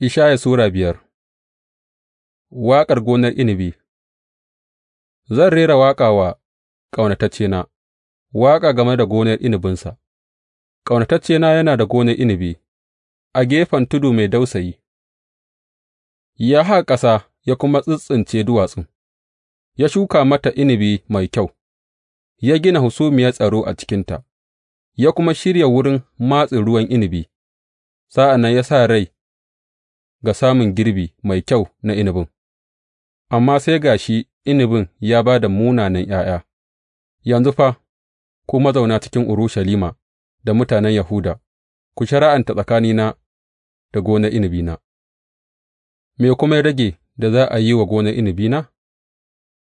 Ishaya Sura biyar Waƙar gonar inibi. Zan rera waƙa wa ƙaunataccena, waƙa game da gonar inibinsa. ƙaunataccena yana da gonar inibi. a gefen tudu mai dausayi, ya haƙa ƙasa ya kuma tsintsince duwatsu. ya shuka mata inibi mai kyau, ya gina husumiyar tsaro a cikinta, ya kuma shirya wurin matsin ruwan inibi. sa'an nan ya sa rai. ga samun girbi mai kyau na inabin, amma sai ga shi inabin ya ba da munanan ’ya'ya, yanzu fa, ku mazauna cikin Urushalima da mutanen Yahuda, ku shara'anta tsakanina da gonar inabina, me kuma ya rage da za a yi wa gonar inabina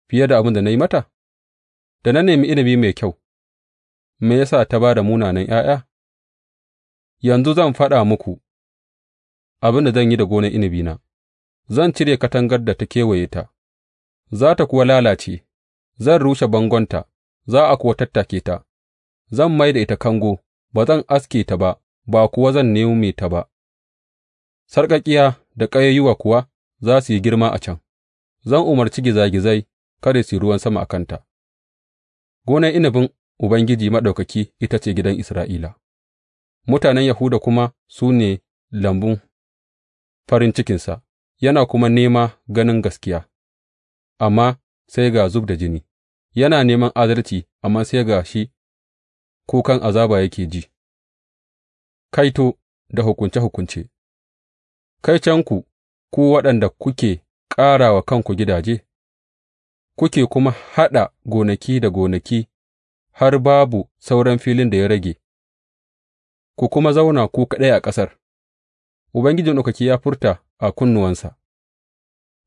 fiye da abin da na yi mata? Da na nemi inabi mai kyau, me ya sa ta ba da munanan ’ya'ya? Yanzu zan faɗa muku. abin da zan yi da gonar inabina, zan cire katangar da ta kewaye ta, za ta kuwa lalace, zan rushe bangonta, za a kuwa tattake ta, zan mai da ita kango, ba zan aske ta ba, ba kuwa zan nome ta ba, sarƙaƙiya da ƙayayyuwa kuwa za su yi girma a can, zan umarci gizagizai kada su yi ruwan sama a kanta. Gonar inabin Ubangiji Maɗaukaki ita ce gidan Isra'ila, mutanen Yahuda kuma su ne lambun farin cikinsa yana kuma nema ganin gaskiya, amma sai ga zub da jini, yana neman adalci, amma sai ga shi kukan azaba yake ji, kaito da hukunce-hukunce, Kai kaitonku ku waɗanda kuke ƙara wa kanku gidaje, kuke kuma haɗa gonaki da gonaki har babu sauran filin da ya rage, ku kuma zauna ku kaɗai a ƙasar. Ubangiji Maɗaukaki ya furta a kunnuwansa,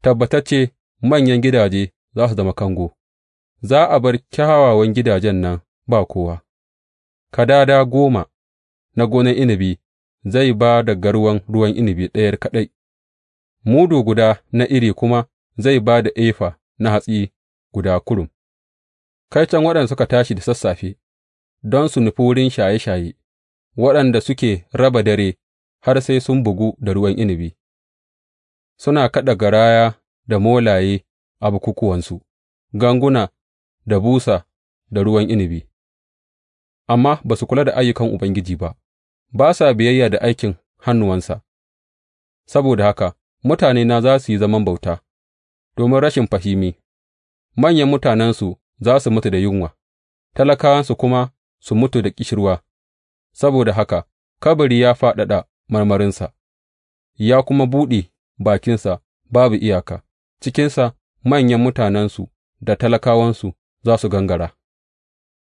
Tabbatacce manyan gidaje za su zama kango, za a bar kyawawan gidajen nan ba kowa, kadada goma na gonan inabi zai ba da garwan ruwan inabi ɗayar kaɗai, mudu guda na iri kuma zai ba da efa na hatsi guda kurum, can waɗanda suka tashi da sassafe don su nufi wurin shaye shaye, waɗanda suke raba dare har sai sun bugu da ruwan inabi, suna kaɗa garaya da molaye a bukukuwansu, ganguna da busa da ruwan inabi, amma ba su kula da ayyukan Ubangiji ba, ba sa biyayya da aikin hannuwansa, saboda haka mutanena za su yi zaman bauta domin rashin fahimi, manyan mutanensu za su mutu da yunwa, talakawansu kuma su mutu da ƙishirwa, saboda haka kabari ya faɗaɗa. marmarinsa, ya kuma buɗe bakinsa babu iyaka; cikinsa manyan mutanensu da talakawansu za su gangara,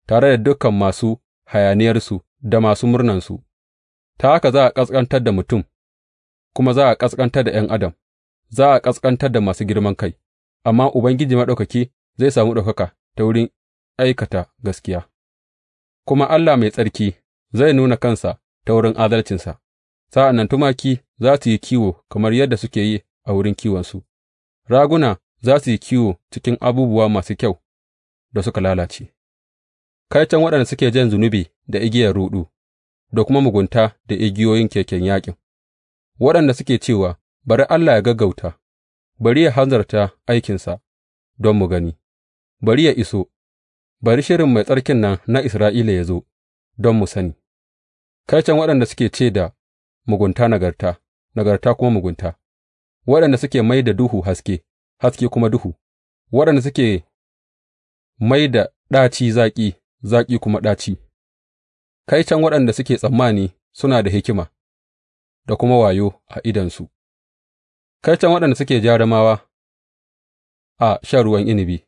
tare da dukan masu hayaniyarsu da masu murnansu, ta haka za a ƙasƙantar da mutum, kuma za a ƙasƙantar da ’yan adam, za a ƙasƙantar da masu girman kai, amma Ubangiji Maɗaukaki zai sami ɗaukaka ta wurin aikata gaskiya, kuma Allah mai tsarki zai nuna kansa ta wurin adalcinsa. Sa'an nan tumaki za su yi kiwo kamar yadda suke yi a wurin kiwonsu, raguna za su yi kiwo cikin abubuwa masu kyau da suka lalace, kaiton waɗanda suke jan zunubi da igiyar ruɗu, da kuma mugunta da igiyoyin keken yaƙin, waɗanda suke cewa, Bari Allah ya gaggauta, bari ya hanzarta aikinsa don mu gani, bari ya iso, bari shirin mai tsarkin nan na Isra'ila ya zo don mu sani, kaiton waɗanda suke ce da mugunta nagarta, nagarta kuma mugunta, waɗanda suke mai da duhu haske, haske kuma duhu, waɗanda suke mai da ɗaci zaƙi, zaƙi kuma ɗaci, Kaican waɗanda suke tsammani suna da hikima da kuma wayo a idansu Kaican waɗanda suke jarumawa a shan ruwan inibi.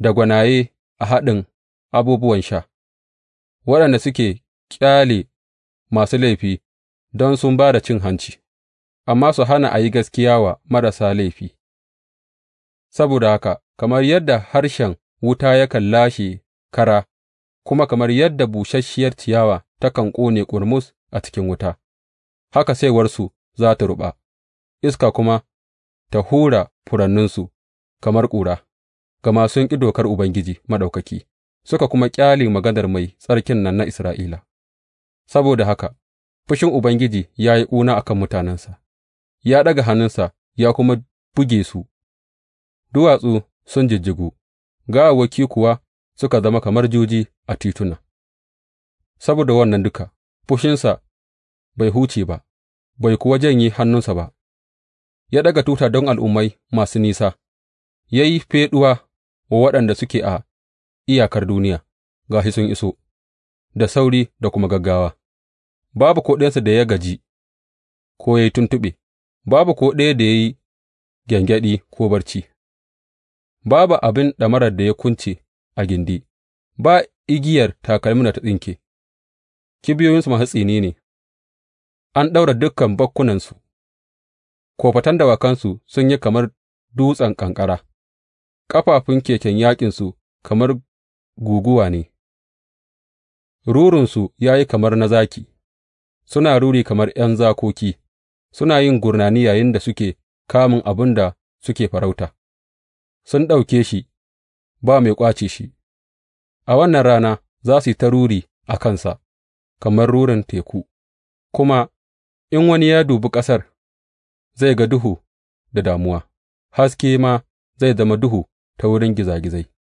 da gwanaye a haɗin abubuwan sha, waɗanda suke ƙyale masu laifi don sun ba da cin hanci, amma su hana a yi gaskiya wa marasa laifi, saboda haka, kamar yadda harshen wuta yakan lashe kara, kuma kamar yadda busasshiyar ciyawa takan ƙone ƙurmus a cikin wuta, haka saiwarsu za ta ruɓa, iska kuma ta hura furanninsu kamar ƙura, gama sun ƙi dokar Ubangiji Maɗaukaki, suka kuma ƙyale maganar Mai Tsarkin nan na Isra'ila, saboda haka. Fushin Ubangiji ya yi ƙuna a kan mutanensa; ya ɗaga hannunsa ya kuma buge su, duwatsu sun jijjigu, gawawwaki kuwa suka zama kamar juji a tituna, saboda wannan duka, fushinsa bai huce ba, bai kuwa janye hannunsa ba, ya ɗaga tuta don al'ummai masu nisa, ya yi feɗuwa wa waɗanda suke a iyakar duniya, ga shi sun iso, da sauri da kuma gaggawa. babu ko ɗayansu da ya gaji ko ya yi tuntuɓe, babu ko ɗaya da ya yi gyangyaɗi ko barci, babu abin ɗamarar da ya kunce a gindi, ba igiyar takalmin da ta tsinke, kibiyoyinsu masu tsini ne, an ɗaura dukkan bakkunansu, kofatan dawakansu sun yi kamar dutsen ƙanƙara, ƙafafun keken yaƙinsu kamar guguwa ne, rurinsu ya yi kamar na zaki. suna ruri kamar ’yan zakoki, suna yin gurnani yayinda suke kamun abin da suke farauta, sun ɗauke shi ba mai ƙwace shi, a wannan rana za su yi ta ruri a kansa kamar rurin teku, kuma in wani ya dubi ƙasar, zai ga duhu da damuwa, haske ma zai zama duhu ta wurin gizagizai.